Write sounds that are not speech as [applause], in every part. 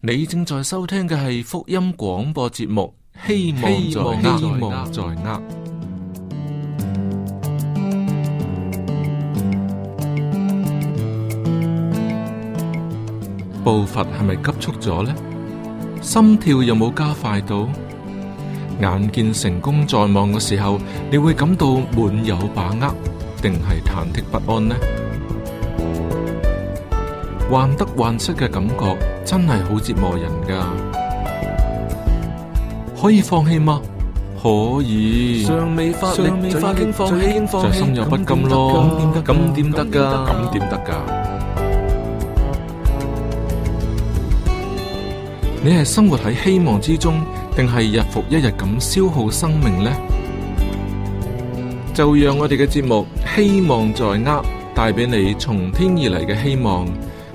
你正在收聽嘅係福音廣播節目，希望在握。步伐係咪急速咗呢？心跳有冇加快到？眼見成功在望嘅時候，你會感到滿有把握，定係忐忑不安呢？患得患失嘅感覺真係好折磨人噶，可以放棄嗎？可以，但係心有不甘咯。咁點得噶？咁點得噶？樣樣嗯、你係生活喺希望之中，定係日復一日咁消耗生命呢？就讓我哋嘅節目希望在握，帶俾你從天而嚟嘅希望。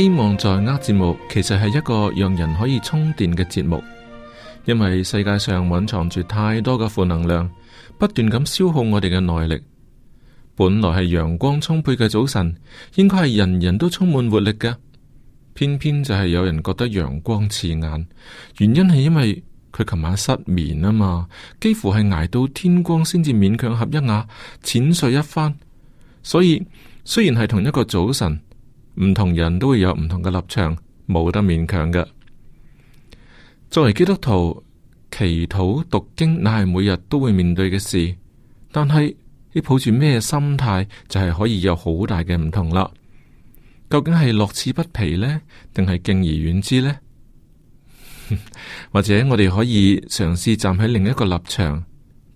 希望在握節目，其實係一個讓人可以充電嘅節目，因為世界上蘊藏住太多嘅負能量，不斷咁消耗我哋嘅耐力。本來係陽光充沛嘅早晨，應該係人人都充滿活力嘅，偏偏就係有人覺得陽光刺眼。原因係因為佢琴晚失眠啊嘛，幾乎係挨到天光先至勉強合一眼，淺睡一番。所以雖然係同一個早晨。唔同人都會有唔同嘅立場，冇得勉強嘅。作為基督徒，祈禱、讀經，乃係每日都會面對嘅事。但係你抱住咩心態，就係、是、可以有好大嘅唔同啦。究竟係樂此不疲呢？定係敬而遠之呢？ [laughs] 或者我哋可以嘗試站喺另一個立場，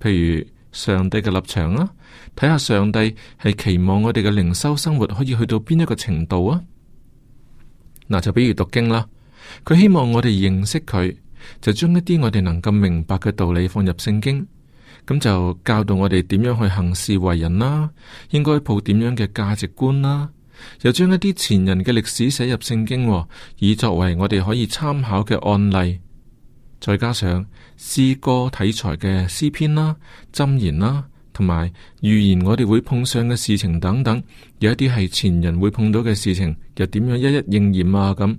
譬如，上帝嘅立場啦，睇下上帝係期望我哋嘅靈修生活可以去到邊一個程度啊？嗱，就比如讀經啦，佢希望我哋認識佢，就將一啲我哋能夠明白嘅道理放入聖經，咁就教導我哋點樣去行事為人啦，應該抱點樣嘅價值觀啦，又將一啲前人嘅歷史寫入聖經，以作為我哋可以參考嘅案例。再加上詩歌題材嘅詩篇啦、箴言啦，同埋預言，預言我哋會碰上嘅事情等等，有一啲係前人會碰到嘅事情，又點樣一一應驗啊？咁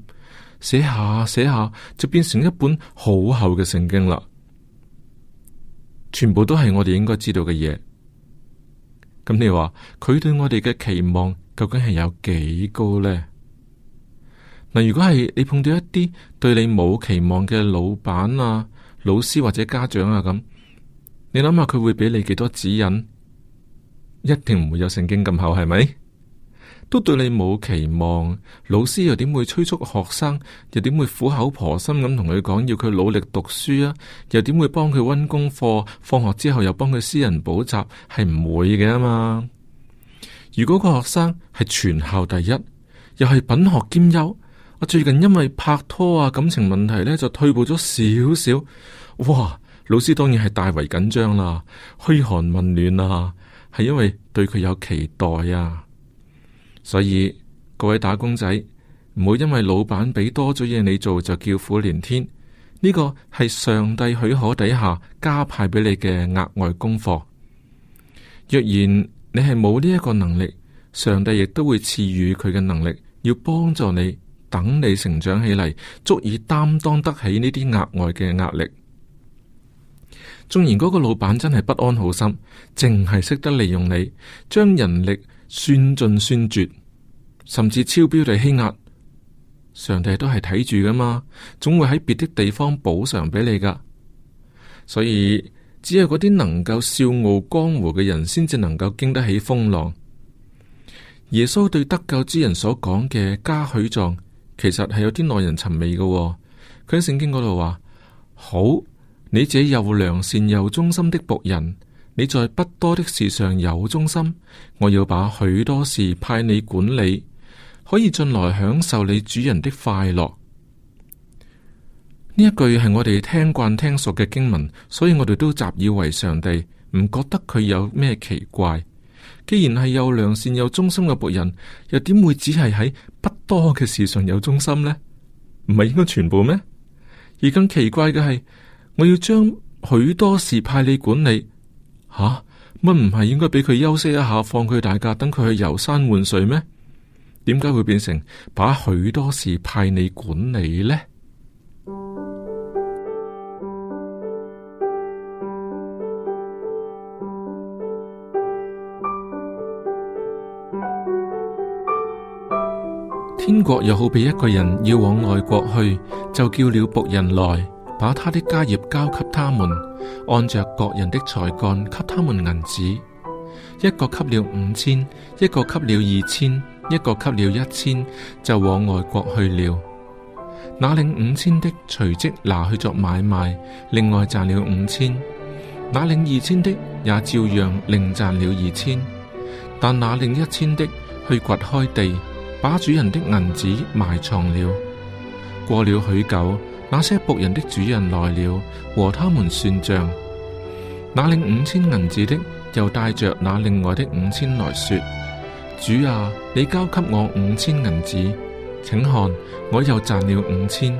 寫下寫下，下，就變成一本好厚嘅聖經啦。全部都係我哋應該知道嘅嘢。咁你話佢對我哋嘅期望究竟係有幾高呢？嗱，如果係你碰到一啲對你冇期望嘅老闆啊、老師或者家長啊咁，你諗下佢會俾你幾多指引？一定唔會有聖經咁厚，係咪？都對你冇期望，老師又點會催促學生？又點會苦口婆心咁同佢講要佢努力讀書啊？又點會幫佢溫功課？放學之後又幫佢私人補習？係唔會嘅吖嘛？如果個學生係全校第一，又係品學兼優。我最近因為拍拖啊，感情問題呢，就退步咗少少。哇，老師當然係大為緊張啦，嘘寒問暖啊，係因為對佢有期待啊。所以各位打工仔唔好因為老闆俾多咗嘢你做就叫苦連天。呢個係上帝許可底下加派俾你嘅額外功課。若然你係冇呢一個能力，上帝亦都會賜予佢嘅能力，要幫助你。等你成長起嚟，足以擔當得起呢啲額外嘅壓力。縱然嗰個老闆真係不安好心，淨係識得利用你，將人力算盡算絕，甚至超標地欺壓，上帝都係睇住噶嘛，總會喺別的地方補償俾你噶。所以，只有嗰啲能夠笑傲江湖嘅人，先至能夠經得起風浪。耶穌對得救之人所講嘅加許狀。其實係有啲耐人尋味嘅，哦。佢喺聖經嗰度話：好，你這又良善又忠心的僕人，你在不多的事上有忠心，我要把許多事派你管理，可以進來享受你主人的快樂。呢一句係我哋聽慣聽熟嘅經文，所以我哋都習以為常地唔覺得佢有咩奇怪。既然係又良善又忠心嘅僕人，又點會只係喺？不多嘅事上有忠心呢，唔係應該全部咩？而更奇怪嘅係，我要將許多事派你管理。吓，乜唔係應該俾佢休息一下，放佢大假，等佢去遊山玩水咩？點解會變成把許多事派你管理呢？天國又好比一個人要往外國去，就叫了僕人來，把他的家業交給他們，按着各人的才幹給他們銀子，一個給了五千，一個給了二千，一個給了一千，一一千就往外國去了。那領五千的隨即拿去做買賣，另外賺了五千；那領二千的也照樣另賺了二千，但那領一千的去掘開地。把主人的銀子埋藏了。過了許久，那些僕人的主人來了，和他們算賬。那領五千銀子的又帶着那另外的五千來說：主啊，你交給我五千銀子，請看我又賺了五千。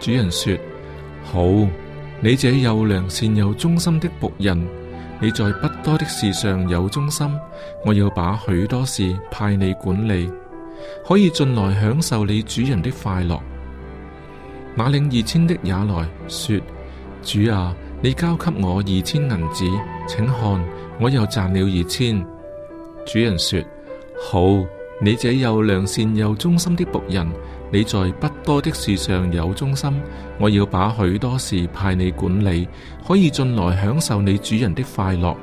主人說：好，你這又良善又忠心的僕人，你在不多的事上有忠心，我要把許多事派你管理。可以進來享受你主人的快樂。那領二千的也來說：主啊，你交給我二千銀子，請看我又賺了二千。主人說：好，你這又良善又忠心的僕人，你在不多的事上有忠心，我要把許多事派你管理，可以進來享受你主人的快樂。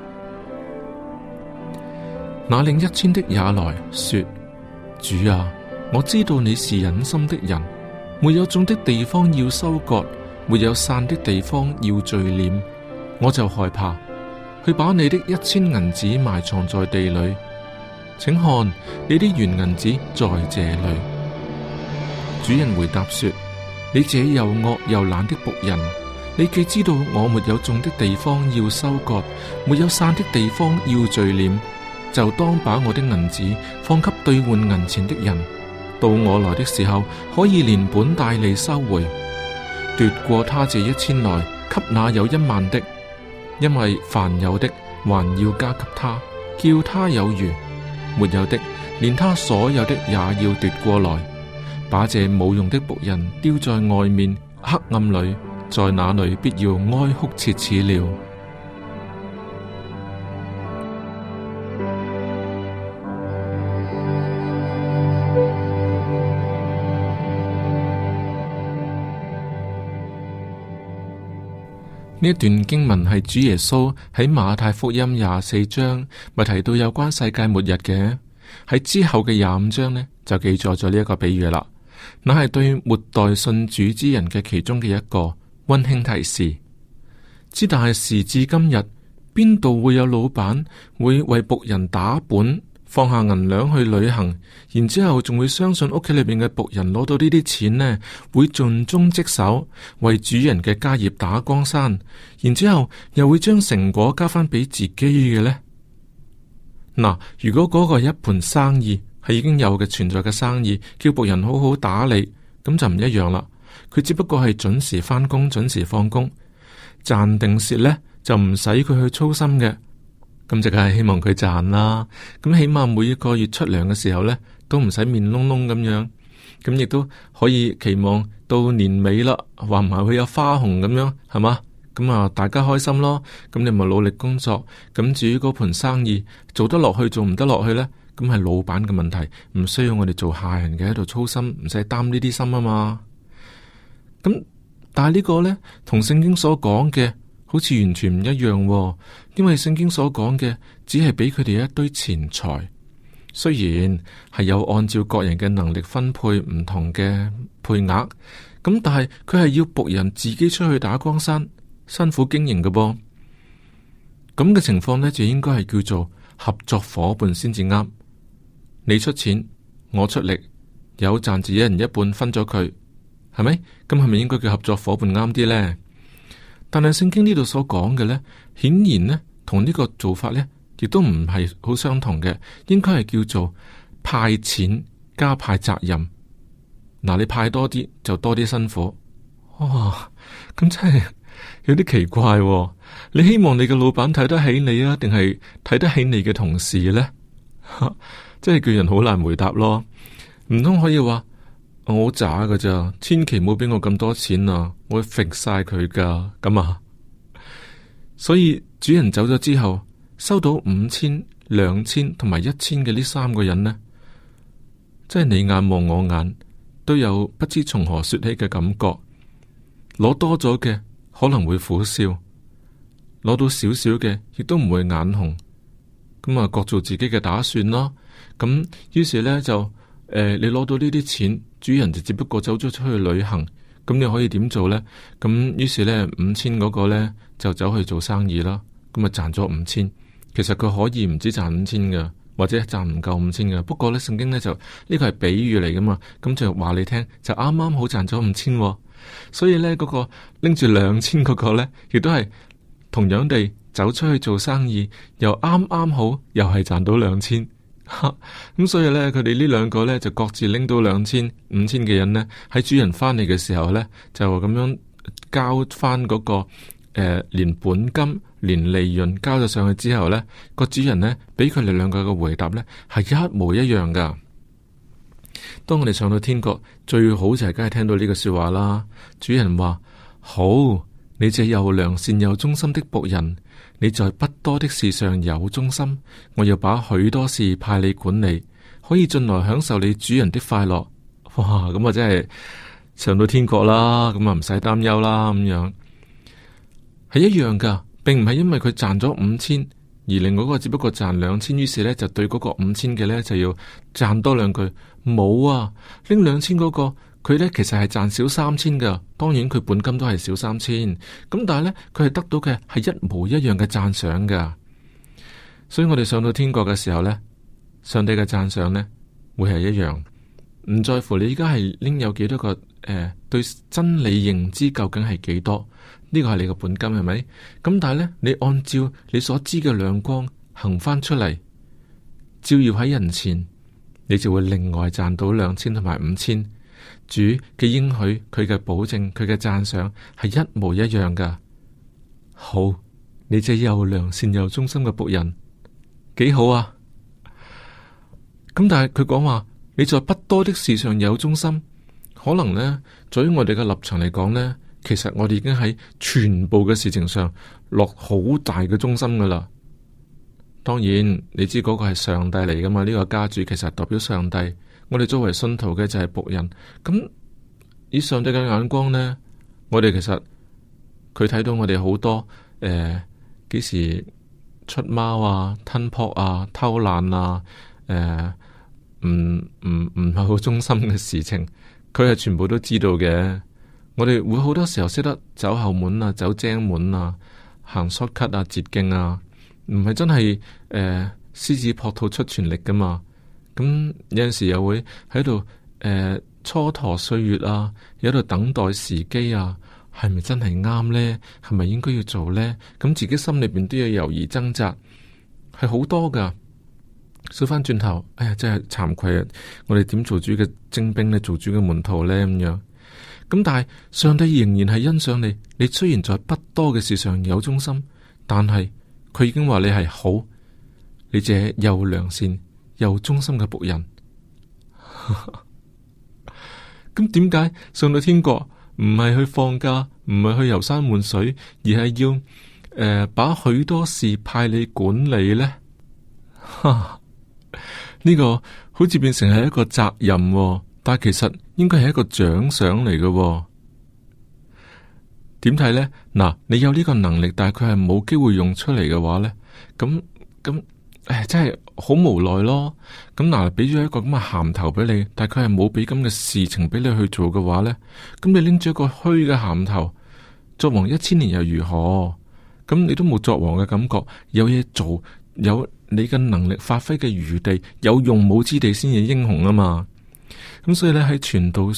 那領一千的也來說。主啊，我知道你是忍心的人，沒有種的地方要收割，沒有散的地方要聚斂，我就害怕去把你的一千銀子埋藏在地裏。請看，你的原銀子在這裏。主人回答說：你這又惡又懶的僕人，你既知道我沒有種的地方要收割，沒有散的地方要聚斂。就當把我的銀子放給兌換銀錢的人，到我來的時候，可以連本帶利收回。奪過他這一千來，給那有一萬的，因為凡有的還要加給他，叫他有餘；沒有的，連他所有的也要奪過來。把這冇用的僕人丟在外面黑暗裏，在那裏必要哀哭切齒了。呢一段經文係主耶穌喺馬太福音廿四章咪提到有關世界末日嘅，喺之後嘅廿五章呢就記載咗呢一個比喻啦，乃係對末代信主之人嘅其中嘅一個溫馨提示，之但係時至今日，邊度會有老闆會為僕人打本？放下銀兩去旅行，然之後仲會相信屋企裏邊嘅僕人攞到呢啲錢呢，會盡忠職守，為主人嘅家業打江山，然之後又會將成果交翻俾自己嘅呢。嗱，如果嗰個係一盤生意，係已經有嘅存在嘅生意，叫僕人好好打理，咁就唔一樣啦。佢只不過係準時翻工、準時放工，賺定蝕呢，就唔使佢去操心嘅。咁就係希望佢賺啦，咁起碼每一個月出糧嘅時候呢，都唔使面燶燶咁樣，咁亦都可以期望到年尾啦，話唔係會有花紅咁樣，係嘛？咁啊，大家開心咯。咁你咪努力工作。咁至於嗰盤生意做得落去，做唔得落去呢？咁係老闆嘅問題，唔需要我哋做下人嘅喺度操心，唔使擔呢啲心啊嘛。咁但係呢個呢，同聖經所講嘅好似完全唔一樣喎。因為聖經所講嘅，只係俾佢哋一堆錢財，雖然係有按照各人嘅能力分配唔同嘅配額，咁但係佢係要僕人自己出去打江山，辛苦經營嘅噃。咁嘅情況呢，就應該係叫做合作夥伴先至啱。你出錢，我出力，有賺住一人一半分咗佢，係咪？咁係咪應該叫合作夥伴啱啲呢？但係聖經呢度所講嘅呢，顯然呢，同呢個做法呢，亦都唔係好相同嘅，應該係叫做派錢加派責任。嗱，你派多啲就多啲辛苦，哇、哦！咁真係有啲奇怪喎。你希望你嘅老闆睇得起你啊，定係睇得起你嘅同事呢？即 [laughs] 係叫人好難回答咯。唔通可以話？我渣㗎咋，千祈唔好俾我咁多錢啊！我會甩晒佢㗎咁啊！所以主人走咗之後，收到五千、兩千同埋一千嘅呢三個人呢，即係你眼望我眼，都有不知從何說起嘅感覺。攞多咗嘅可能會苦笑，攞到少少嘅亦都唔會眼紅，咁啊各做自己嘅打算啦。咁於是呢，就。誒、呃，你攞到呢啲錢，主人就只不過走咗出去旅行，咁你可以點做呢？咁於是呢，五千嗰個呢，就走去做生意啦，咁啊賺咗五千。其實佢可以唔止賺五千嘅，或者賺唔夠五千嘅。不過呢，聖經呢，就呢個係比喻嚟噶嘛，咁就話你聽，就啱啱好賺咗五千，哦。所以呢，嗰、嗰個拎住兩千嗰個呢，亦都係同樣地走出去做生意，又啱啱好又係賺到兩千。咁 [laughs] 所以呢，佢哋呢兩個呢，就各自拎到兩千、五千嘅人呢，喺主人翻嚟嘅時候呢，就咁樣交翻嗰、那個誒、呃，連本金、連利潤交咗上去之後呢，個主人呢，俾佢哋兩個嘅回答呢，係一模一樣噶。當我哋上到天國，最好就係梗係聽到呢個說話啦。主人話好。你這又良善又忠心的僕人，你在不多的事上有忠心，我要把許多事派你管理，可以進來享受你主人的快樂。哇，咁啊真係上到天國啦，咁啊唔使擔憂啦，咁樣係一樣噶，並唔係因為佢賺咗五千，而另外嗰個只不過賺兩千，於是呢，就對嗰個五千嘅呢，就要讚多兩句，冇啊，拎兩千嗰個。佢呢其實係賺少三千噶，當然佢本金都係少三千咁，但係呢，佢係得到嘅係一模一樣嘅讚賞噶。所以我哋上到天國嘅時候呢，上帝嘅讚賞呢會係一樣，唔在乎你依家係拎有幾多個誒、呃、對真理認知究竟係幾多呢、呢個係你嘅本金係咪？咁但係呢，你按照你所知嘅亮光行翻出嚟，照耀喺人前，你就會另外賺到兩千同埋五千。主嘅應許、佢嘅保證、佢嘅讚賞係一模一樣噶。好，你這又良善又忠心嘅僕人，幾好啊？咁但係佢講話，你在不多的事上有忠心，可能呢，在於我哋嘅立場嚟講呢，其實我哋已經喺全部嘅事情上落好大嘅忠心噶啦。當然，你知嗰個係上帝嚟噶嘛？呢個家主其實代表上帝。我哋作為信徒嘅就係僕人，咁以上帝嘅眼光呢，我哋其實佢睇到我哋好多誒、幾、呃、時出貓啊、吞撲啊、偷懶啊、誒唔唔唔係好忠心嘅事情，佢係全部都知道嘅。我哋會好多時候識得走後門啊、走正門啊、行 short cut 啊、捷徑啊，唔係真係誒、呃、獅子撲兔出全力噶嘛。咁有陣時又會喺度誒蹉跎歲月啊，喺度等待時機啊，係咪真係啱咧？係咪應該要做咧？咁自己心裏邊都有猶豫掙扎，係好多噶。數返轉頭，哎呀真係慚愧啊！我哋點做主嘅精兵咧，做主嘅門徒咧咁樣。咁但係上帝仍然係欣賞你，你雖然在不多嘅事上有忠心，但係佢已經話你係好，你這又良善，又忠心嘅僕人，咁點解上到天國唔係去放假，唔係去遊山玩水，而係要誒、呃、把許多事派你管理呢？哈，呢個好似變成係一個責任，哦，但其實應該係一個獎賞嚟嘅。點睇呢？嗱，你有呢個能力，但係佢係冇機會用出嚟嘅話呢。咁咁。唉，真係好無奈咯。咁、啊、嗱，俾咗一個咁嘅銜頭俾你，但係佢係冇俾咁嘅事情俾你去做嘅話呢。咁你拎咗一個虛嘅銜頭，作王一千年又如何？咁你都冇作王嘅感覺，有嘢做，有你嘅能力發揮嘅餘地，有用武之地先至英雄啊嘛。咁所以呢，喺《傳道書》，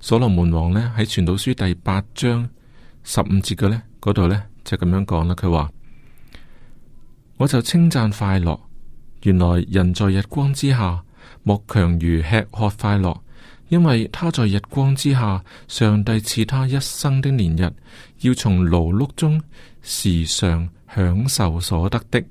所羅門王呢，喺《傳道書》第八章十五節嘅呢嗰度呢，就咁、是、樣講啦，佢話。我就稱讚快樂，原來人在日光之下，莫強如吃喝快樂，因為他在日光之下，上帝賜他一生的年日，要從勞碌中時常享受所得的。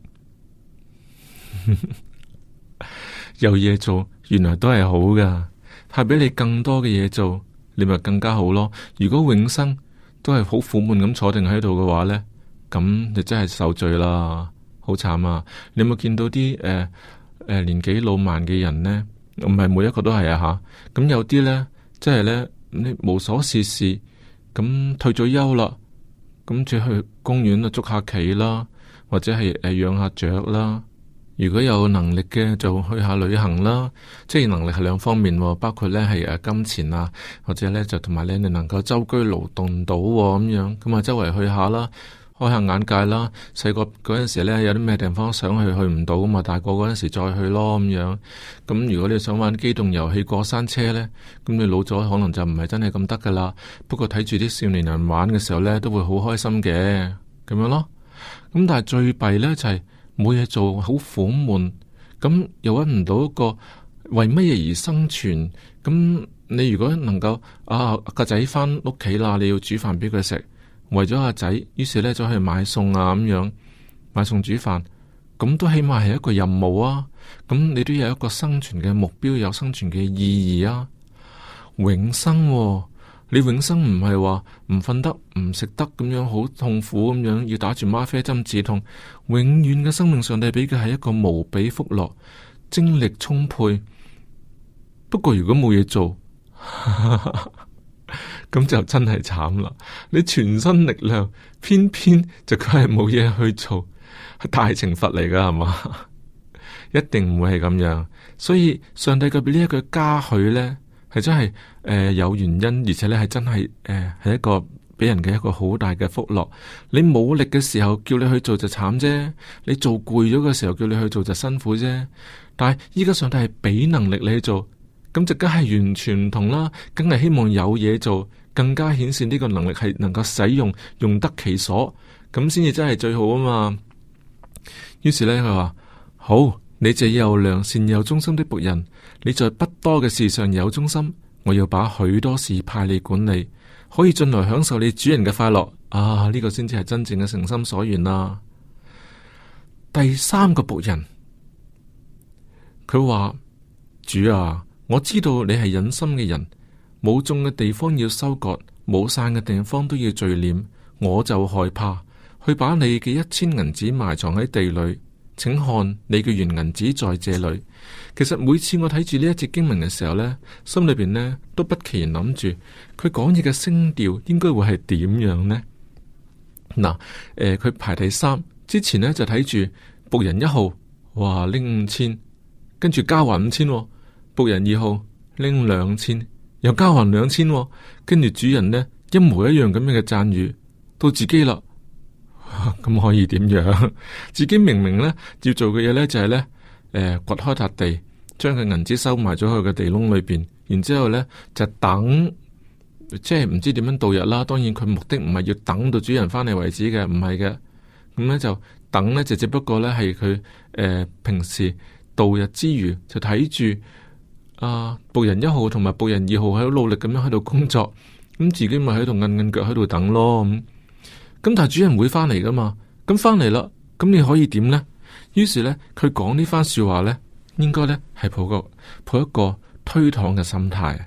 有 [laughs] 嘢做，原來都係好噶，派俾你更多嘅嘢做，你咪更加好咯。如果永生都係好苦悶咁坐定喺度嘅話呢，咁你真係受罪啦。好慘啊！你有冇見到啲誒誒年紀老邁嘅人呢？唔係每一個都係啊嚇。咁、啊、有啲呢，即係呢，你無所事事，咁退咗休啦，咁就去公園啊捉下棋啦，或者係誒養下雀啦。如果有能力嘅，就去下旅行啦。即係能力係兩方面喎、啊，包括呢係誒、啊、金錢啊，或者呢就同埋咧你能夠周居勞動到咁、啊、樣，咁啊周圍去下啦。開下眼界啦！細個嗰陣時咧，有啲咩地方想去，去唔到啊嘛！大個嗰陣時再去咯咁樣。咁如果你想玩機動遊戲過山車呢，咁你老咗可能就唔係真係咁得噶啦。不過睇住啲少年人玩嘅時候呢，都會好開心嘅，咁樣咯。咁但係最弊呢，就係冇嘢做，好苦悶。咁又揾唔到一個為乜嘢而生存。咁你如果能夠啊個仔翻屋企啦，你要煮飯俾佢食。為咗阿仔，於是呢就去買餸啊咁、啊、樣買餸煮飯，咁都起碼係一個任務啊！咁你都有一個生存嘅目標，有生存嘅意義啊！永生、哦，你永生唔係話唔瞓得、唔食得咁樣好痛苦咁樣要打住嗎啡針止痛，永遠嘅生命，上帝俾嘅係一個無比福樂，精力充沛。不過如果冇嘢做。 [laughs] 咁就真係慘啦！你全身力量，偏偏就佢係冇嘢去做，係大懲罰嚟噶，係嘛？ [laughs] 一定唔會係咁樣。所以上帝嘅呢一句「加許」呢，係真係誒、呃、有原因，而且呢係真係誒係一個俾人嘅一個好大嘅福樂。你冇力嘅時候叫你去做就慘啫，你做攰咗嘅時候叫你去做就辛苦啫。但係依家上帝係俾能力你去做，咁就梗係完全唔同啦，梗係希望有嘢做。更加顯現呢個能力係能夠使用用得其所，咁先至真係最好啊嘛！於是呢，佢話：好，你這又良善又忠心的僕人，你在不多嘅事上有忠心，我要把許多事派你管理，可以進來享受你主人嘅快樂啊！呢、這個先至係真正嘅誠心所願啦、啊。第三個僕人，佢話：主啊，我知道你係忍心嘅人。冇種嘅地方要收割，冇散嘅地方都要聚斂。我就害怕去把你嘅一千銀紙埋藏喺地裏，請看你嘅原銀紙在這裏。其實每次我睇住呢一節經文嘅時候呢，心裏邊呢都不期然諗住佢講嘢嘅聲調應該會係點樣呢？嗱，誒、呃，佢排第三之前呢，就睇住僕人一號，哇，拎五千，跟住交還五千喎，僕人二號拎兩千。又交還兩千，哦，跟住主人呢，一模一樣咁樣嘅讚譽到自己啦，咁 [laughs] 可以點樣？ [laughs] 自己明明呢要做嘅嘢呢，就係、是、呢誒掘、呃、開笪地，將佢銀紙收埋咗去嘅地窿裏邊，然之後呢就等，即係唔知點樣度日啦。當然佢目的唔係要等到主人返嚟為止嘅，唔係嘅。咁、嗯、呢，就等呢，就只，只不過呢係佢誒平時度日之餘就睇住。啊！僕人一號同埋僕人二號喺度努力咁樣喺度工作，咁自己咪喺度硬硬腳喺度等咯。咁、嗯、咁但係主人會翻嚟噶嘛？咁翻嚟啦，咁你可以點呢？於是呢，佢講呢番說話呢，應該呢係抱個抱一個推搪嘅心態，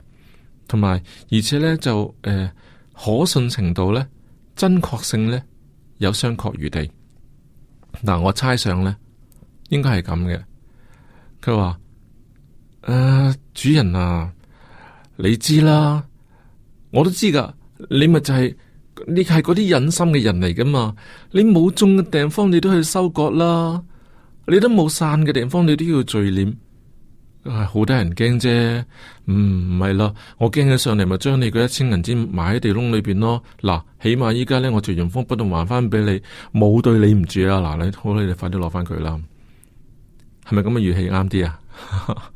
同埋而且呢，就誒、呃、可信程度呢，真確性呢，有商榷餘地。嗱，我猜想呢，應該係咁嘅。佢話。誒、啊，主人啊，你知啦，我都知噶。你咪就係、是、你係嗰啲忍心嘅人嚟噶嘛？你冇種嘅地方你都去收割啦，你都冇散嘅地方你都要聚斂，係好得人驚啫。唔、嗯、係咯，我驚佢上嚟咪將你嗰一千銀子埋喺地窿裏邊咯。嗱，起碼依家咧我就原封不動還翻俾你，冇對你唔住啊。嗱，你好你哋快啲攞翻佢啦。係咪咁嘅語氣啱啲啊？ [laughs]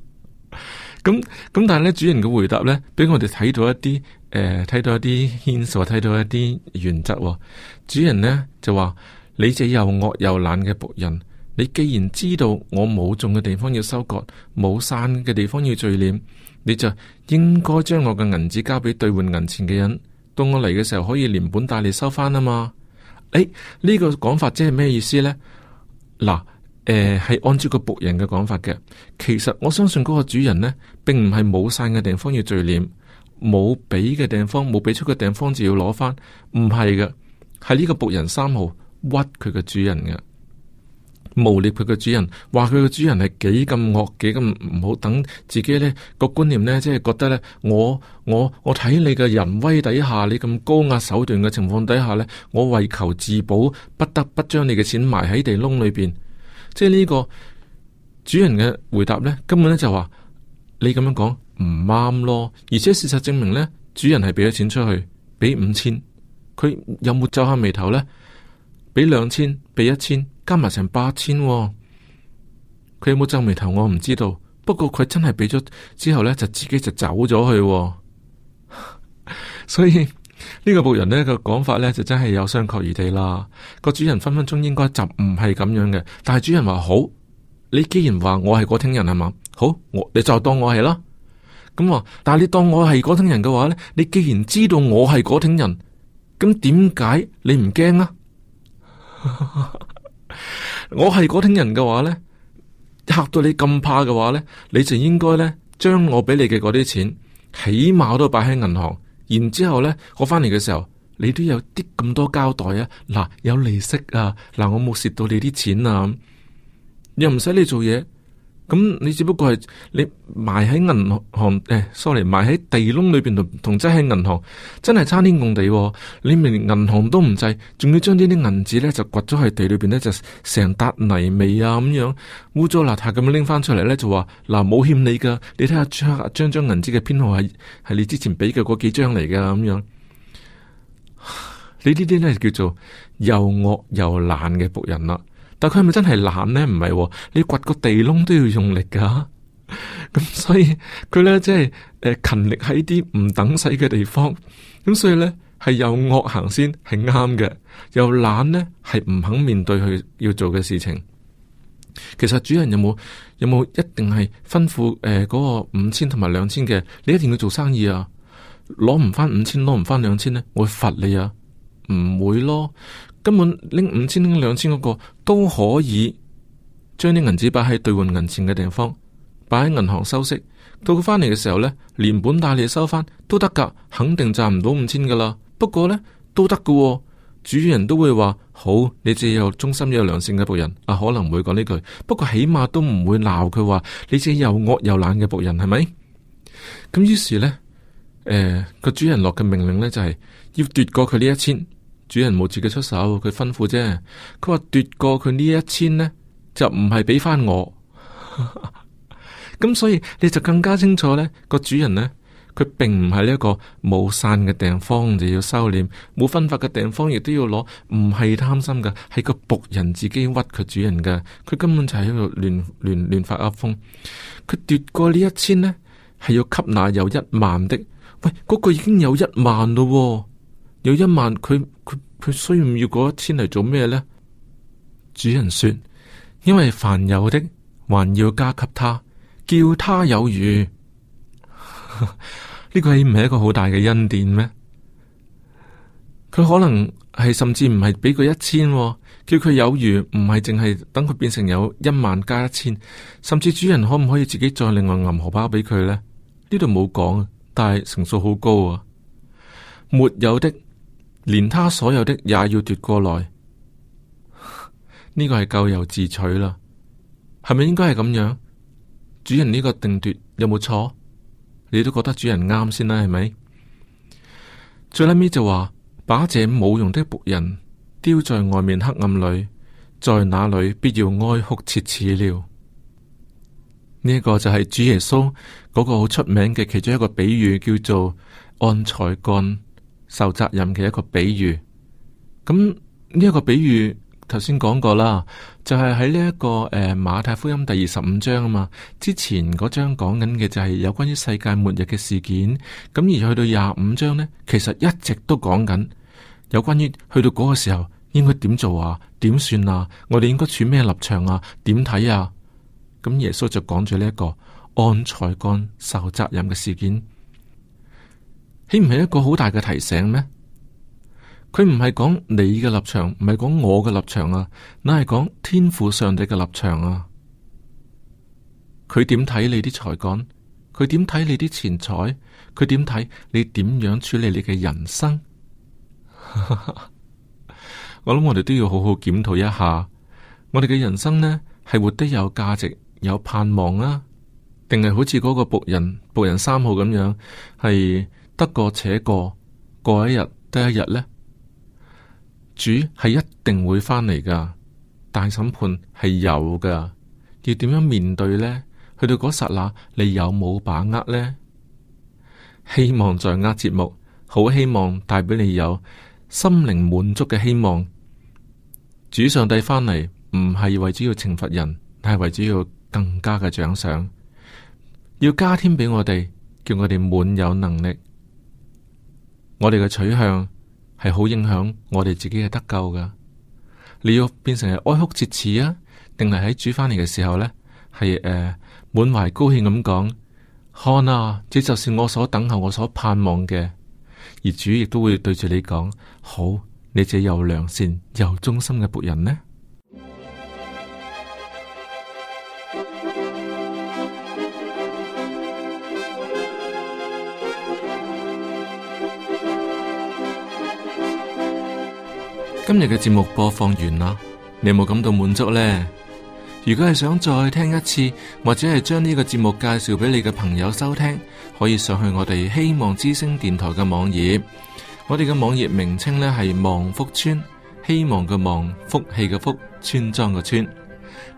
咁咁，但係咧，主人嘅回答呢，俾我哋睇到一啲，誒、呃，睇到一啲線索，睇到一啲原則、哦。主人呢，就話：你隻又惡又懶嘅僕人，你既然知道我冇種嘅地方要收割，冇散嘅地方要聚斂，你就應該將我嘅銀子交俾兌換銀錢嘅人，到我嚟嘅時候可以連本帶利收翻啊嘛。誒、欸，呢、這個講法即係咩意思呢？嗱，誒、呃，係按照個僕人嘅講法嘅，其實我相信嗰個主人呢。並唔係冇散嘅地方要聚斂，冇俾嘅地方冇俾出嘅地方就要攞翻，唔係嘅，係呢個僕人三號屈佢個主人嘅，誣衊佢個主人，話佢個主人係幾咁惡，幾咁唔好。等自己呢、呢個觀念呢。即係覺得呢，我我我睇你嘅人威底下，你咁高壓手段嘅情況底下呢，我為求自保，不得不將你嘅錢埋喺地窿裏邊。即係呢個主人嘅回答呢，根本呢就話。你咁樣講唔啱咯，而且事實證明呢，主人係俾咗錢出去，俾五千，佢有冇皺下眉頭呢？俾兩千，俾一千，加埋成八千，佢有冇皺眉頭？我唔知道。不過佢真係俾咗之後呢，就自己就走咗去，哦。 [laughs] 所以呢，這個僕人呢，這個講法呢，就真係有商榷餘地啦。個主人分分鐘應該就唔係咁樣嘅，但係主人話好，你既然話我係個聽人係嘛？好，我你就當我係啦，咁話，但係你當我係嗰種人嘅話咧，你既然知道我係嗰種人，咁點解你唔驚啊？ [laughs] 我係嗰種人嘅話咧，嚇到你咁怕嘅話咧，你就應該咧將我俾你嘅嗰啲錢起碼都擺喺銀行，然之後咧我翻嚟嘅時候，你都有啲咁多交代啊，嗱有利息啊，嗱我冇蝕到你啲錢啊，又唔使你做嘢。咁、嗯、你只不過係你埋喺銀行誒、哎、sorry 埋喺地窿裏邊同同真喺銀行，真係差天共地，哦。你明，連銀行都唔制，仲要將呢啲銀紙咧就掘咗喺地裏邊咧，就成笪泥味啊咁樣，污糟邋遢咁樣拎翻出嚟咧，就話嗱冇欠你噶，你睇下張張張銀紙嘅編號係係你之前俾嘅嗰幾張嚟噶咁樣。你呢啲咧叫做又惡又懶嘅僕人啦、啊。但佢係咪真係懶呢？唔係、哦，你掘個地窿都要用力噶、啊，咁 [laughs] 所以佢呢即係誒勤力喺啲唔等使嘅地方，咁所以呢，係有惡行先係啱嘅，有懶呢，係唔肯面對佢要做嘅事情。其實主人有冇有冇一定係吩咐誒嗰、呃嗰個五千同埋兩千嘅？你一定要做生意啊！攞唔翻五千，攞唔翻兩千呢？我罰你啊！唔會咯。根本拎五千、拎兩千嗰個都可以，將啲銀子擺喺兌換銀錢嘅地方，擺喺銀行收息，到佢翻嚟嘅時候呢，連本帶利收翻都得噶，肯定賺唔到五千噶啦。不過呢，都得噶、哦，主人都會話：好，你自己又忠心又良善嘅僕人。啊，可能唔會講呢句，不過起碼都唔會鬧佢話你自己又惡又懶嘅僕人係咪？咁於是，是呢，誒、呃、個主人落嘅命令呢，就係、是、要奪過佢呢一千。主人冇自己出手，佢吩咐啫。佢話奪過佢呢一千呢，就唔係俾翻我。咁 [laughs] 所以你就更加清楚呢個主人呢，佢並唔係呢一個冇散嘅地方就要收斂，冇分發嘅地方亦都要攞。唔係貪心噶，係個僕人自己屈佢主人噶。佢根本就喺度亂亂亂發噏風。佢奪過呢一千呢，係要給那有一萬的。喂，嗰，那個已經有一萬咯、哦。有一萬，佢佢佢需要唔要嗰一千嚟做咩呢？主人說，因為凡有的還要加給他，叫他有餘。呢個係唔係一個好大嘅恩典咩？佢可能係甚至唔係俾佢一千喎，叫佢有餘，唔係淨係等佢變成有一萬加一千，甚至主人可唔可以自己再另外銀荷包俾佢呢？呢度冇講，但係成數好高啊！沒有的。連他所有的也要奪過來，呢 [laughs] 個係咎由自取啦。係咪應該係咁樣？主人呢個定奪有冇錯？你都覺得主人啱先啦，係咪？最尾就話，把這冇用的僕人丟在外面黑暗裏，在那裏必要哀哭切齒了。呢、這、一個就係主耶穌嗰個好出名嘅其中一個比喻，叫做按才幹。受責任嘅一個比喻，咁呢一個比喻頭先講過啦，就係喺呢一個誒、呃、馬太福音第二十五章啊嘛，之前嗰章講緊嘅就係有關於世界末日嘅事件，咁而去到廿五章呢，其實一直都講緊有關於去到嗰個時候應該點做啊，點算啊，我哋應該處咩立場啊，點睇啊，咁耶穌就講咗呢一個按才幹受責任嘅事件。豈唔係一個好大嘅提醒咩？佢唔係講你嘅立場，唔係講我嘅立場啊，嗱係講天父上帝嘅立場啊。佢點睇你啲才幹？佢點睇你啲錢財？佢點睇你點樣處理你嘅人生？ [laughs] 我諗我哋都要好好檢討一下，我哋嘅人生呢係活得有價值、有盼望啊，定係好似嗰個僕人僕人三號咁樣係？得過且過，過一日得一日呢。主係一定會返嚟噶，大審判係有噶，要點樣面對呢？去到嗰剎那，你有冇把握呢？希望在握節目，好希望帶俾你有心靈滿足嘅希望。主上帝返嚟唔係為咗要懲罰人，係為咗要更加嘅獎賞，要加添俾我哋，叫我哋滿有能力。我哋嘅取向係好影響我哋自己嘅得救噶。你要變成係哀哭切齒啊，定係喺主翻嚟嘅時候呢？係誒、呃、滿懷高興咁講：看啊，這就是我所等候、我所盼望嘅。而主亦都會對住你講：好，你這又良善又忠心嘅僕人呢？今日嘅節目播放完啦，你有冇感到滿足呢？如果係想再聽一次，或者係將呢個節目介紹俾你嘅朋友收聽，可以上去我哋希望之聲電台嘅網頁。我哋嘅網頁名稱呢係望福村，希望嘅望，福氣嘅福，村莊嘅村。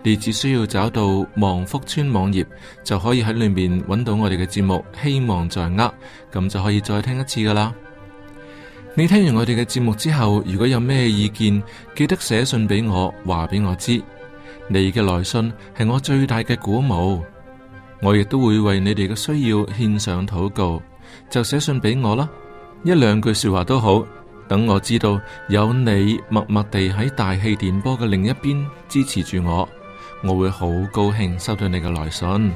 你只需要找到望福村網頁，就可以喺裏面揾到我哋嘅節目《希望在握》，咁就可以再聽一次噶啦。你聽完我哋嘅節目之後，如果有咩意見，記得寫信俾我，話俾我知。你嘅來信係我最大嘅鼓舞，我亦都會為你哋嘅需要獻上禱告。就寫信俾我啦，一兩句說話都好。等我知道有你默默地喺大氣電波嘅另一邊支持住我，我會好高興收到你嘅來信。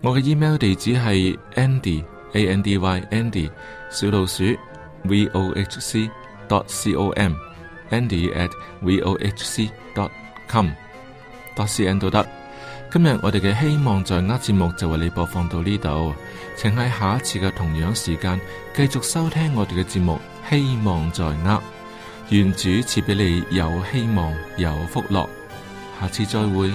我嘅 email 地址係 andy A-N-D-Y andy 小老鼠。vohc.dot.com，andy@vohc.dot.com，到此結束啦。Oh com, oh、今日我哋嘅希望在握節目就為你播放到呢度，請喺下一次嘅同樣時間繼續收聽我哋嘅節目。希望在握，願主賜俾你有希望有福樂。下次再會。